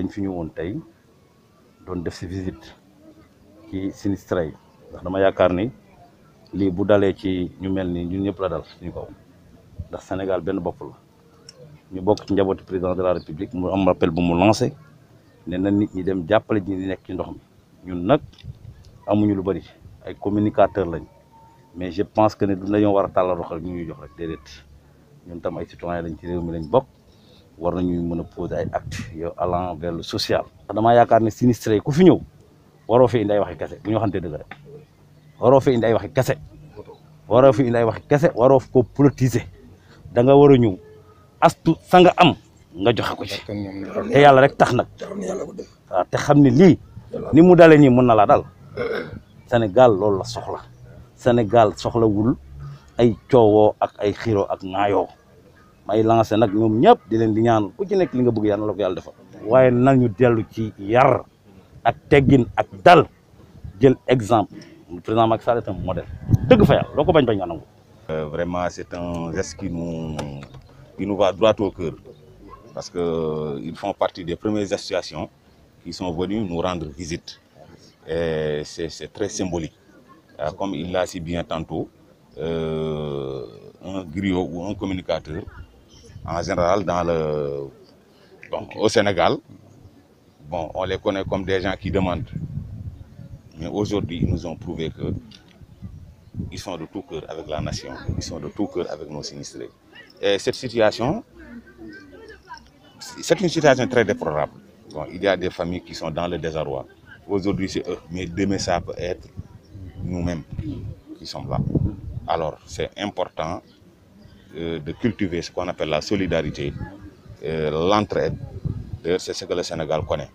dañ fi ñu woon tey doon def si visite ci sinistre yi ndax dama yaakaar ni lii bu dalee ci ñu mel ni ñun ñëpp la dal suñu kaw ndax Sénégal benn bopp la ñu bokk ci njabootu président de la république mu am rappel bu mu lancé ne na nit ñi dem jàppale ji di nekk ci ndox mi ñun nag amuñu lu bari ay communicateur lañ mais je pense que ne du dañoo war a tàllal loxo rek ñu ñuy jox rek déedéet ñun tam ay citoyen lañ ci réew mi lañ bokk war nañuy mën a poser ay actes yow allant vers le social. damaa yaakaar ne sinistre yi ku fi ñëw waroo fi indi ay waxi kese bu ñu waxantee dëgg rek waroo fi indi ay waxi kese waroo fi indi ay waxi kese waroo ko politiser da nga war a ñëw astu sa nga am nga joxe ko ci te yàlla rek tax nag waaw te xam ne lii ni mu dalee nii mën na laa dal Sénégal loolu la soxla. Sénégal soxlawul ay ak ay xiro ak ngaayo may lancé nak ñom di ñaan ci li nga bëgg defal nañu ci yar ak ak dal jël exemple président Macky est un modèle fa bañ bañ euh, vraiment c'est un geste qui nous qui nous va droit au cœur parce que euh, ils font partie des premières associations qui sont venues nous rendre visite et c'est très symbolique euh, comme il l'a si bien tantôt, euh, un griot ou un communicateur, en général, dans le, au Sénégal, bon, on les connaît comme des gens qui demandent. Mais aujourd'hui, ils nous ont prouvé qu'ils sont de tout cœur avec la nation, ils sont de tout cœur avec nos sinistrés. Et cette situation, c'est une situation très déplorable. il y a des familles qui sont dans le désarroi. Aujourd'hui, c'est eux, mais demain, ça peut être nous-mêmes qui sommes là. Alors, c'est important euh, de cultiver ce qu'on appelle la solidarité, euh, l'entraide. D'ailleurs, c'est ce que le Sénégal connaît.